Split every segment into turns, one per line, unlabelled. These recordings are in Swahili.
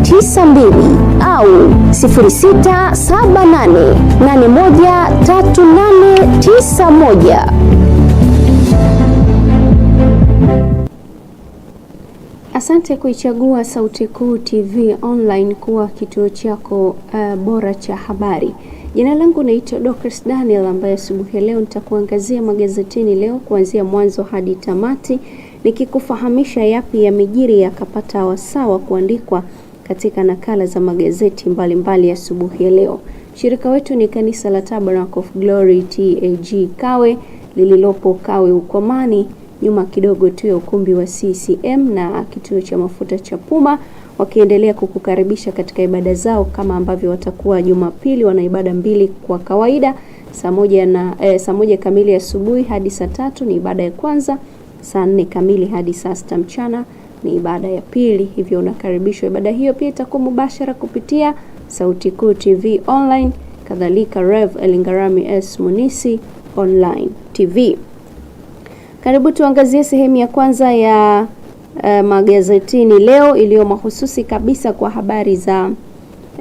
92 au 0678813891. Asante kuichagua Sauti Kuu TV Online kuwa kituo chako uh, bora cha habari. Jina langu naitwa Dorcas Daniel ambaye asubuhi ya leo nitakuangazia magazetini leo kuanzia mwanzo hadi tamati nikikufahamisha yapi yamejiri yakapata wasawa kuandikwa katika nakala za magazeti mbalimbali asubuhi mbali ya leo. Shirika wetu ni kanisa la Tabernacle of Glory TAG Kawe lililopo Kawe Ukomani, nyuma kidogo tu ya ukumbi wa CCM na kituo cha mafuta cha Puma, wakiendelea kukukaribisha katika ibada zao kama ambavyo watakuwa Jumapili, wana ibada mbili kwa kawaida saa moja na eh, saa moja kamili asubuhi hadi saa tatu ni ibada ya kwanza, saa nne kamili hadi saa sita mchana ni ibada ya pili, hivyo unakaribishwa. Ibada hiyo pia itakuwa mubashara kupitia Sauti Kuu TV online, kadhalika Rev Elingarami S Munisi online TV. Karibu tuangazie sehemu ya kwanza ya uh, magazetini leo iliyo mahususi kabisa kwa habari za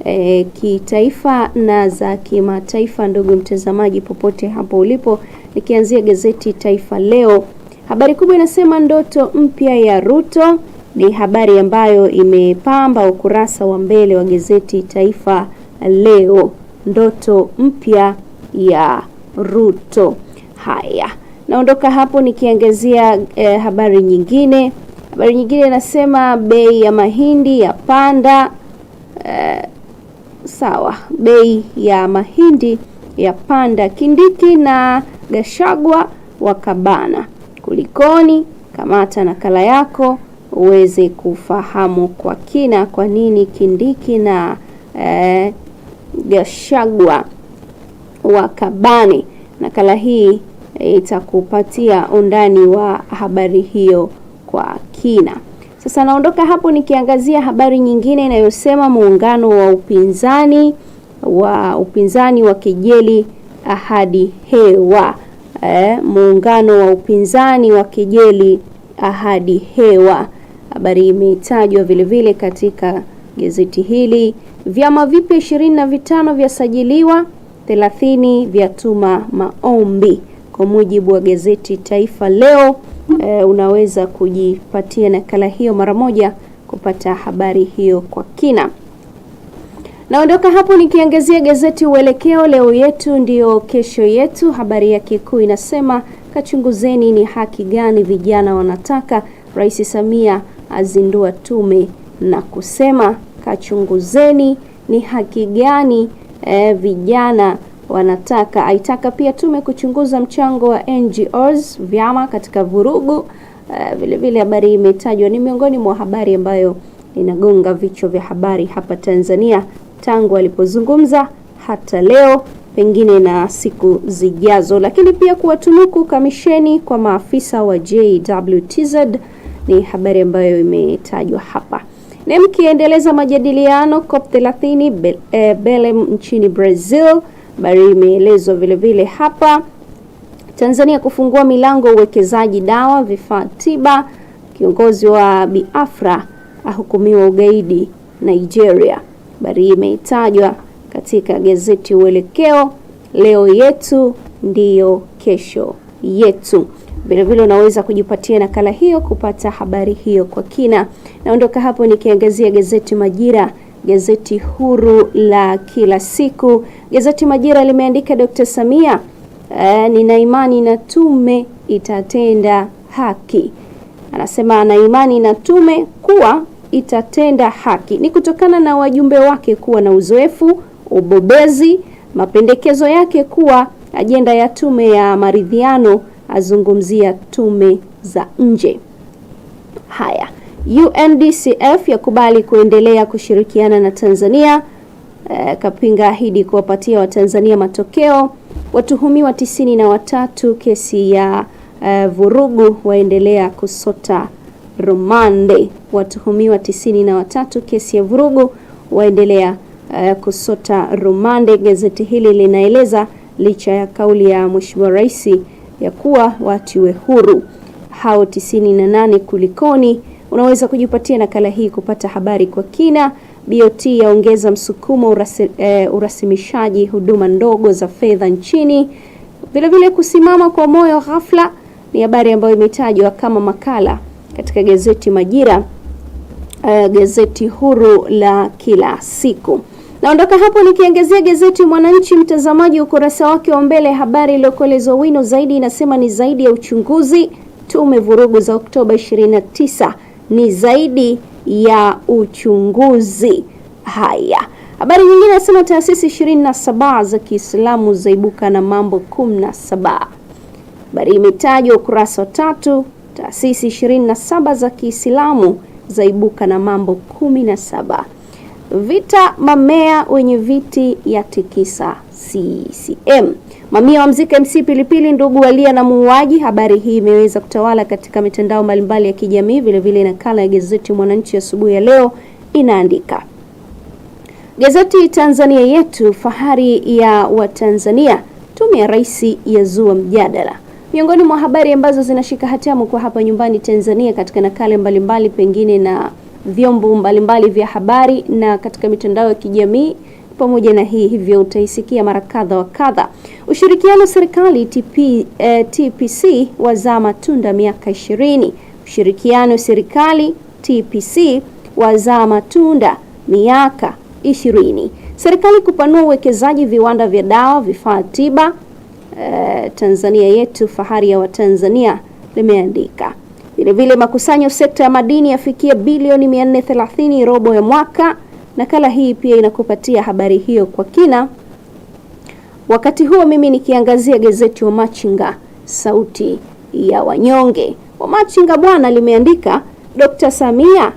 E, kitaifa na za kimataifa, ndugu mtazamaji, popote hapo ulipo, nikianzia gazeti Taifa Leo Habari kubwa inasema ndoto mpya ya Ruto ni habari ambayo imepamba ukurasa wa mbele wa gazeti Taifa Leo, ndoto mpya ya Ruto. Haya, naondoka hapo nikiangazia eh, habari nyingine. Habari nyingine inasema bei ya mahindi ya panda. Eh, sawa, bei ya mahindi ya panda. Kindiki na Gashagwa wakabana jikoni, kamata nakala yako uweze kufahamu kwa kina kwa nini Kindiki na e, wa wakabane. Nakala hii itakupatia undani wa habari hiyo kwa kina. Sasa naondoka hapo nikiangazia habari nyingine inayosema muungano wa upinzani wa upinzani wa kejeli ahadi hewa eh, muungano wa upinzani wa kejeli ahadi hewa. Habari imetajwa vilevile katika gazeti hili. Vyama vipya ishirini na vitano vyasajiliwa, vya vyatuma maombi, kwa mujibu wa gazeti Taifa Leo. E, unaweza kujipatia nakala hiyo mara moja kupata habari hiyo kwa kina. Naondoka hapo nikiangazia gazeti Uelekeo, leo yetu ndio kesho yetu. Habari yake kuu inasema kachunguzeni ni haki gani vijana wanataka. Rais Samia azindua tume na kusema kachunguzeni ni haki gani eh, vijana wanataka. Aitaka pia tume kuchunguza mchango wa NGOs vyama katika vurugu. Vilevile eh, vile vile habari imetajwa ni miongoni mwa habari ambayo inagonga vichwa vya habari hapa Tanzania tangu alipozungumza hata leo, pengine na siku zijazo, lakini pia kuwatunuku kamisheni kwa maafisa wa JWTZ ni habari ambayo imetajwa hapa. nemkiendeleza mkiendeleza majadiliano COP 30 Be e, Belem nchini Brazil, habari imeelezwa vile vile hapa. Tanzania kufungua milango uwekezaji dawa, vifaa tiba. Kiongozi wa Biafra ahukumiwa ugaidi Nigeria habari imetajwa katika gazeti Uelekeo, leo yetu ndiyo kesho yetu. Vilevile unaweza kujipatia nakala hiyo kupata habari hiyo kwa kina. Naondoka hapo nikiangazia gazeti Majira, gazeti huru la kila siku. Gazeti Majira limeandika Dr. Samia, e, nina imani na tume itatenda haki. Anasema ana imani na tume kuwa itatenda haki ni kutokana na wajumbe wake kuwa na uzoefu, ubobezi, mapendekezo yake kuwa ajenda ya tume ya maridhiano, azungumzia tume za nje. Haya, UNDCF yakubali kuendelea kushirikiana na Tanzania. E, Kapinga ahidi kuwapatia Watanzania matokeo. Watuhumiwa tisini na watatu kesi ya e, vurugu waendelea kusota romande. Watuhumiwa tisini na watatu kesi ya vurugu waendelea uh, kusota romande gazeti hili linaeleza, licha ya kauli ya Mheshimiwa Rais ya kuwa watiwe huru hao tisini na nane. Kulikoni? Unaweza kujipatia nakala hii kupata habari kwa kina. BOT yaongeza msukumo urasi, uh, urasimishaji huduma ndogo za fedha nchini. Vilevile, kusimama kwa moyo ghafla ni habari ambayo imetajwa kama makala katika gazeti Majira, uh, gazeti huru la kila siku. Naondoka hapo nikiangazia gazeti Mwananchi mtazamaji, ukurasa wake wa mbele, habari iliyokolezwa wino zaidi inasema ni zaidi ya uchunguzi tume vurugu za Oktoba 29 ni zaidi ya uchunguzi. Haya, habari nyingine inasema taasisi 27 za Kiislamu zaibuka na mambo 17. Habari imetajwa ukurasa wa tatu Taasisi 27 za Kiislamu zaibuka na mambo 17. Vita mamea wenye viti ya tikisa CCM. Mamia wa mziki MC Pilipili ndugu walia na muuaji. Habari hii imeweza kutawala katika mitandao mbalimbali ya kijamii. Vilevile nakala ya gazeti Mwananchi asubuhi ya, ya leo inaandika gazeti Tanzania yetu fahari ya Watanzania, tume ya rais yazua mjadala Miongoni mwa habari ambazo zinashika hatamu kwa hapa nyumbani Tanzania katika nakala mbalimbali pengine na vyombo mbalimbali vya habari na katika mitandao ya kijamii pamoja na hii hivyo utaisikia mara kadha wa kadha. Ushirikiano serikali TP, eh, TPC wazaa matunda miaka 20. Ushirikiano serikali TPC wazaa matunda miaka 20. Serikali kupanua uwekezaji viwanda vya dawa, vifaa tiba eh, Tanzania yetu fahari ya Watanzania limeandika vilevile, makusanyo sekta ya madini yafikia bilioni 430 robo ya mwaka. Nakala hii pia inakupatia habari hiyo kwa kina. Wakati huo mimi nikiangazia gazeti Wamachinga, sauti ya wanyonge. Wamachinga bwana limeandika Dkt. Samia,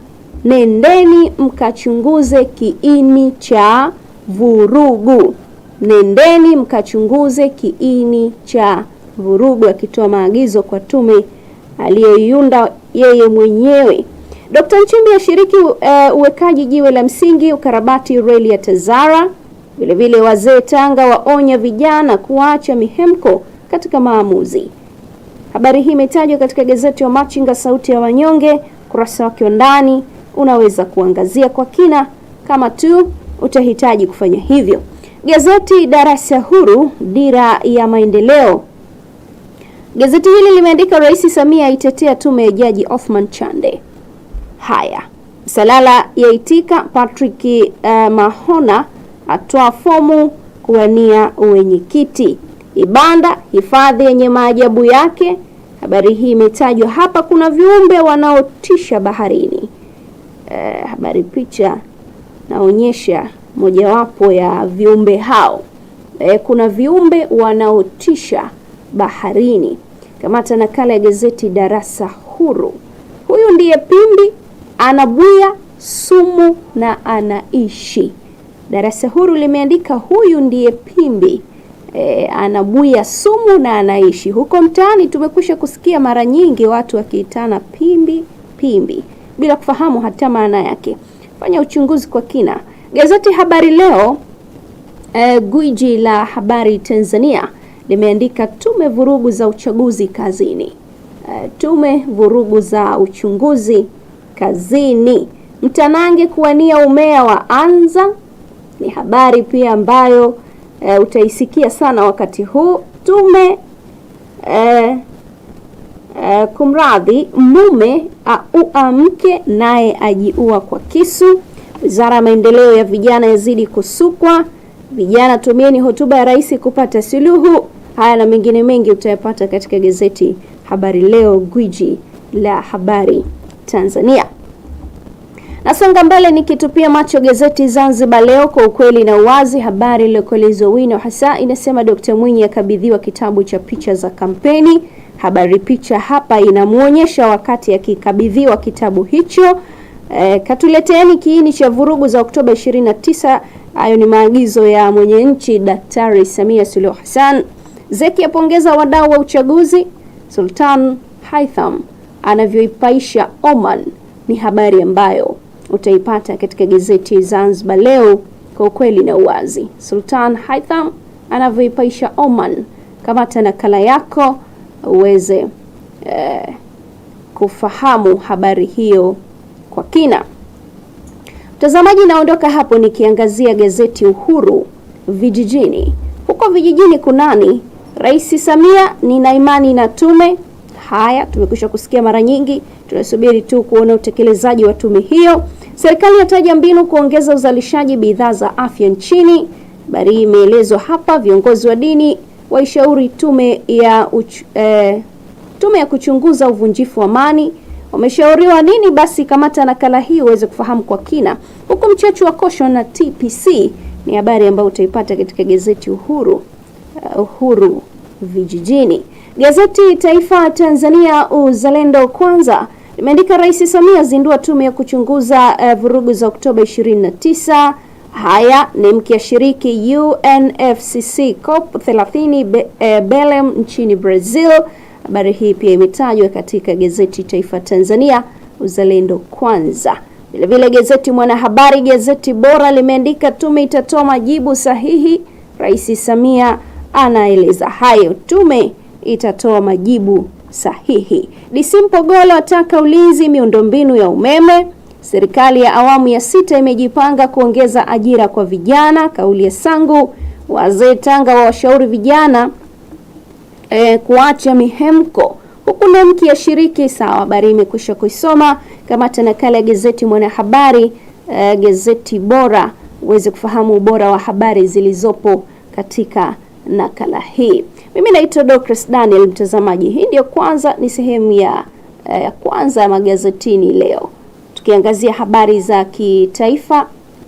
nendeni mkachunguze kiini cha vurugu nendeni mkachunguze kiini cha vurugu, akitoa maagizo kwa tume aliyoiunda yeye mwenyewe. Dkt. Nchimbi ashiriki uh, uwekaji jiwe la msingi ukarabati reli ya Tazara. Vilevile wazee Tanga waonya vijana kuacha mihemko katika maamuzi. Habari hii imetajwa katika gazeti ya Machinga Sauti ya Wanyonge, ukurasa wake wa ndani. Unaweza kuangazia kwa kina kama tu utahitaji kufanya hivyo. Gazeti Darasa Huru, Dira ya Maendeleo. Gazeti hili limeandika Rais Samia aitetea tume ya Jaji Othman Chande. Haya, Salala yaitika, Patrick uh, Mahona atoa fomu kuwania uwenyekiti. Ibanda hifadhi yenye maajabu yake. Habari hii imetajwa hapa, kuna viumbe wanaotisha baharini. Uh, habari picha naonyesha mojawapo ya viumbe hao. E, kuna viumbe wanaotisha baharini. Kamata nakala ya gazeti Darasa Huru. Huyu ndiye Pimbi, anabuya sumu na anaishi. Darasa Huru limeandika huyu ndiye Pimbi. E, anabuya sumu na anaishi. Huko mtaani tumekwisha kusikia mara nyingi watu wakiitana Pimbi Pimbi bila kufahamu hata maana yake. Fanya uchunguzi kwa kina. Gazeti Habari Leo e, gwiji la habari Tanzania limeandika tume vurugu za uchaguzi kazini. E, tume vurugu za uchunguzi kazini. Mtanange kuwania umea wa Anza ni habari pia ambayo e, utaisikia sana wakati huu. Tume e, eh, kumradhi, mume aua mke naye ajiua kwa kisu. Wizara ya Maendeleo ya Vijana yazidi kusukwa. Vijana tumieni hotuba ya rais kupata suluhu. Haya na mengine mengi utayapata katika gazeti Habari Leo, gwiji la habari Tanzania. Nasonga mbele nikitupia macho gazeti Zanzibar Leo, kwa ukweli na uwazi. Habari iliyokolezwa wino hasa inasema Dkt Mwinyi akabidhiwa kitabu cha picha za kampeni. Habari picha hapa inamwonyesha wakati akikabidhiwa kitabu hicho E, katuleteeni kiini cha vurugu za Oktoba 29. Hayo ni maagizo ya mwenye nchi Daktari Samia Suluhu Hassan. Zeki apongeza wadau wa uchaguzi. Sultan Haitham anavyoipaisha Oman ni habari ambayo utaipata katika gazeti Zanzibar Leo kwa ukweli na uwazi. Sultan Haitham anavyoipaisha Oman. Kamata nakala yako uweze eh, kufahamu habari hiyo kwa kina. Mtazamaji, naondoka hapo nikiangazia gazeti Uhuru vijijini. Huko vijijini kunani? Rais Samia, nina imani na tume. Haya tumekwisha kusikia mara nyingi, tunasubiri tu kuona utekelezaji wa tume hiyo. Serikali yataja mbinu kuongeza uzalishaji bidhaa za afya nchini. Habari hii imeelezwa hapa. Viongozi wa dini waishauri tume ya uch, eh, tume ya kuchunguza uvunjifu wa amani. Umeshauriwa nini? Basi kamata nakala hii uweze kufahamu kwa kina. Huku mchachu wa kosho na TPC ni habari ambayo utaipata katika gazeti Uhuru, uh, Uhuru Vijijini. Gazeti Taifa Tanzania Uzalendo Kwanza limeandika Rais Samia azindua tume ya kuchunguza uh, vurugu za Oktoba 29. Haya ni mkiashiriki UNFCCC COP 30 be, uh, Belem nchini Brazil. Habari hii pia imetajwa katika gazeti Taifa Tanzania, Uzalendo Kwanza. Vilevile gazeti Mwanahabari, gazeti bora limeandika tume itatoa majibu sahihi. Rais Samia anaeleza hayo, tume itatoa majibu sahihi. DC Mpogolo ataka ulinzi miundombinu ya umeme. Serikali ya awamu ya sita imejipanga kuongeza ajira kwa vijana, kauli ya Sangu. Wazee Tanga wa washauri vijana e, kuacha mihemko huku na shiriki Sawa, habari imekwisha kuisoma. Kamata nakala ya gazeti Mwanahabari, e, gazeti bora, uweze kufahamu ubora wa habari zilizopo katika nakala hii. Mimi naitwa Dorcas Daniel, mtazamaji. Hii ndiyo kwanza ni sehemu ya eh, ya kwanza ya magazetini leo, tukiangazia habari za kitaifa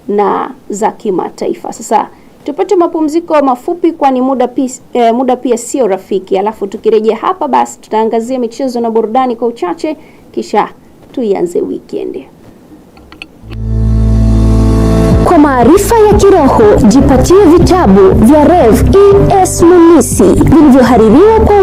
na za kimataifa. Sasa Tupate mapumziko mafupi, kwani muda, eh, muda pia sio rafiki. Alafu tukirejea hapa, basi tutaangazia michezo na burudani kwa uchache, kisha tuianze weekend.
Kwa maarifa ya kiroho jipatie vitabu vya Rev E S Munisi vilivyohaririwa kwa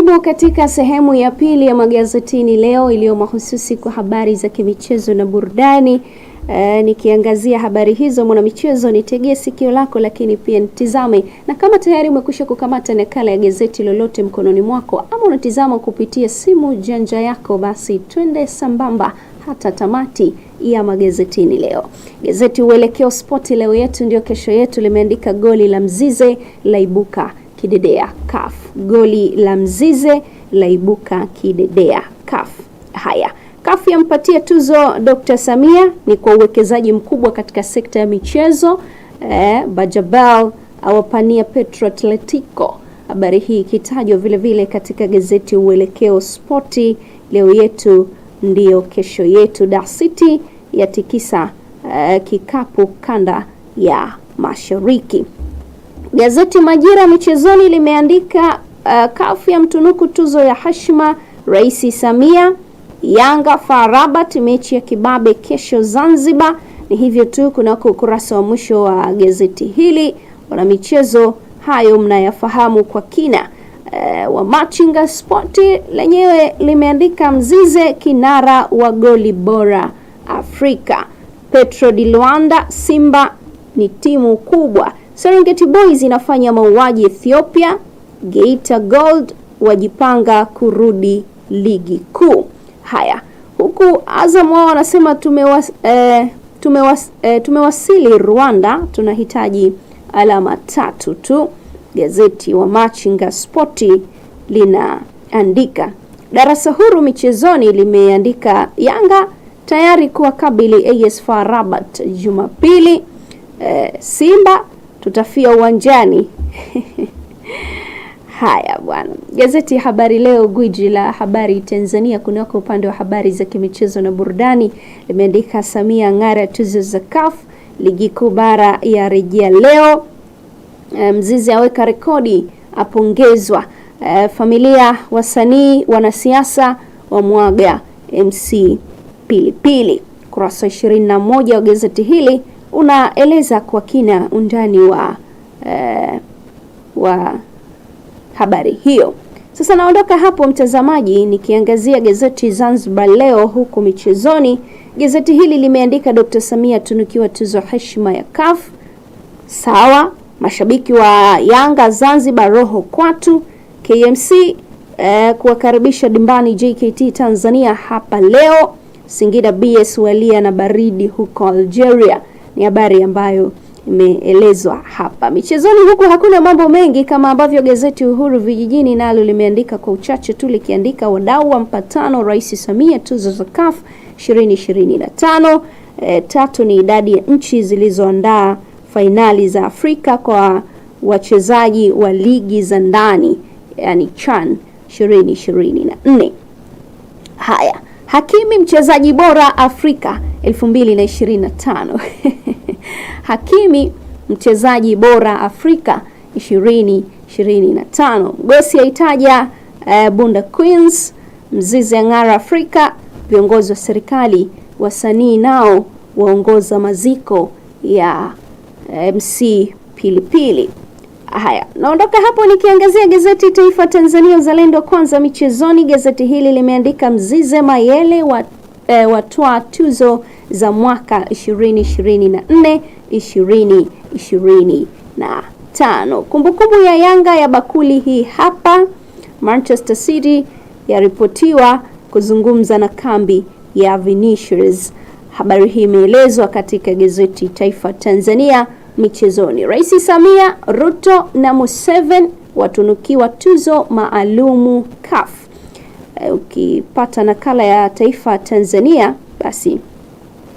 Karibu katika sehemu ya pili ya magazetini leo iliyo mahususi kwa habari za kimichezo na burudani. E, nikiangazia habari hizo mwanamichezo, nitegee sikio lako, lakini pia nitizame, na kama tayari umekwisha kukamata nakala ya gazeti lolote mkononi mwako ama unatizama kupitia simu janja yako, basi twende sambamba hata tamati ya magazetini leo. Gazeti Uelekeo Spoti, leo yetu ndio kesho yetu, limeandika goli la Mzize laibuka kidedea kafu. Goli la Mzize laibuka kidedea kaf Haya, kafu yampatia tuzo Dr. Samia ni kwa uwekezaji mkubwa katika sekta ya michezo. Eh, Bajabal awapania Petro Atletico. Habari hii ikitajwa vile vile katika gazeti Uelekeo Spoti, leo yetu ndiyo kesho yetu. Dar City yatikisa eh, kikapu kanda ya Mashariki. Gazeti Majira michezoni limeandika uh, kafu ya mtunuku tuzo ya hashima Rais Samia, Yanga FAR Rabat, mechi ya kibabe kesho Zanzibar. Ni hivyo tu kunako ukurasa wa mwisho wa gazeti hili. Wana michezo hayo mnayafahamu kwa kina. Uh, wa Machinga Sporti lenyewe limeandika Mzize kinara wa goli bora Afrika. Petro di Luanda, Simba ni timu kubwa Serengeti Boys inafanya mauaji Ethiopia. Geita Gold wajipanga kurudi ligi kuu. Haya, huku Azam wao wanasema tumewas, eh, tumewas, eh, tumewasili Rwanda, tunahitaji alama tatu tu. Gazeti wa Machinga Sporti linaandika darasa huru michezoni limeandika Yanga tayari kuwakabili AS FAR Rabat Jumapili. Eh, Simba tutafia uwanjani. Haya bwana, gazeti ya Habari Leo, gwiji la habari Tanzania, kunako upande wa habari za kimichezo na burudani, limeandika Samia ng'ara tuzo za CAF, ligi kuu bara ya rejea leo, eh, Mzizi aweka rekodi, apongezwa, eh, familia, wasanii, wanasiasa wa mwaga MC Pilipili. Kurasa 21 wa gazeti hili unaeleza kwa kina undani wa eh, wa habari hiyo. Sasa naondoka hapo mtazamaji, nikiangazia gazeti Zanzibar Leo huko michezoni. Gazeti hili limeandika Dr. Samia tunukiwa tuzo heshima ya CAF. Sawa, mashabiki wa Yanga Zanzibar roho kwatu. KMC eh, kuwakaribisha dimbani JKT Tanzania hapa leo. Singida BS walia na baridi huko Algeria ni habari ambayo imeelezwa hapa. Michezoni huku hakuna mambo mengi kama ambavyo gazeti Uhuru Vijijini nalo limeandika kwa uchache tu, likiandika wadau wa mpatano, Rais Samia, tuzo za CAF 2025. E, eh, tatu ni idadi ya nchi zilizoandaa fainali za Afrika kwa wachezaji wa ligi za ndani yani CHAN 2024. Haya. Hakimi mchezaji bora Afrika 2025. Hakimi mchezaji bora Afrika 2025. Mgosi aitaja uh, Bunda Queens, Mzizi ang'ara Afrika, viongozi wa serikali, wasanii nao waongoza maziko ya eh, MC Pilipili. Haya, naondoka hapo nikiangazia gazeti Taifa Tanzania Uzalendo Kwanza michezoni. Gazeti hili limeandika Mzize Mayele wa e, watoa tuzo za mwaka 2024 2025. Kumbukumbu ya Yanga ya bakuli hii hapa. Manchester City yaripotiwa kuzungumza na kambi ya Vinicius. Habari hii imeelezwa katika gazeti Taifa Tanzania michezoni. Rais Samia, Ruto na Museveni watunukiwa tuzo maalumu CAF. Eh, ukipata nakala ya Taifa Tanzania basi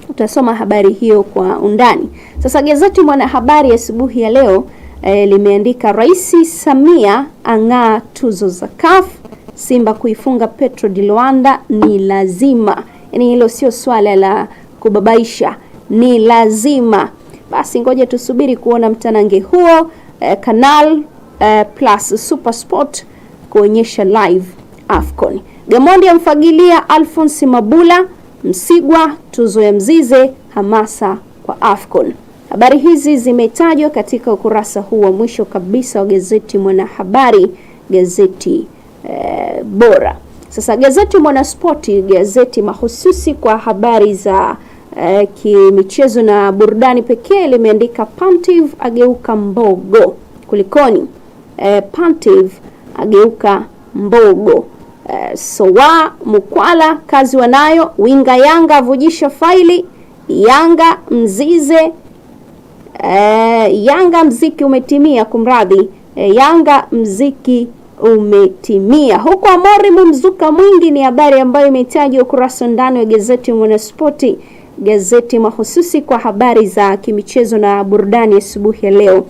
utasoma habari hiyo kwa undani. Sasa gazeti Mwanahabari asubuhi ya, ya leo e, limeandika Rais Samia ang'aa tuzo za CAF, Simba kuifunga Petro di Luanda ni lazima. Yaani hilo sio swala la kubabaisha, ni lazima. Basi ngoja tusubiri kuona mtanange huo eh, Canal eh, plus Super Sport kuonyesha live AFCON. Gamondi amfagilia Alphonse Mabula, Msigwa tuzo ya Mzize, hamasa kwa AFCON. Habari hizi zimetajwa katika ukurasa huu wa mwisho kabisa wa gazeti Mwanahabari, gazeti eh, bora. Sasa gazeti Mwanaspoti, gazeti mahususi kwa habari za eh, kimichezo na burudani pekee limeandika Pantev ageuka mbogo. Kulikoni eh, Pantev ageuka mbogo. Eh, Sowa Mukwala kazi wanayo. Winga Yanga avujisha faili. Yanga mzize eh, Yanga mziki umetimia. Kumradhi eh, Yanga mziki umetimia huko. Amorim mzuka mwingi ni habari ambayo imetajwa ukurasa ndani wa gazeti Mwanaspoti gazeti mahususi kwa habari za kimichezo na burudani asubuhi ya leo.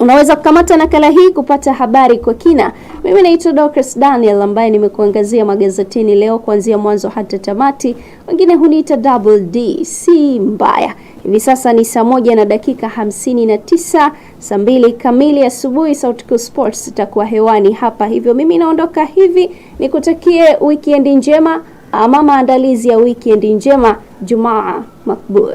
Unaweza kukamata nakala hii kupata habari kwa kina. Mimi naitwa Dorcas Daniel ambaye nimekuangazia magazetini leo kuanzia mwanzo hata tamati. Wengine huniita Double D, si mbaya. Hivi sasa ni saa moja na dakika hamsini na tisa, saa mbili kamili asubuhi. Sauti Kuu Sports itakuwa hewani hapa, hivyo mimi naondoka hivi, nikutakie wikendi njema ama maandalizi ya wikendi njema Jumaa makbur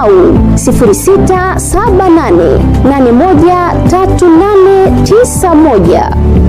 au 0678813891.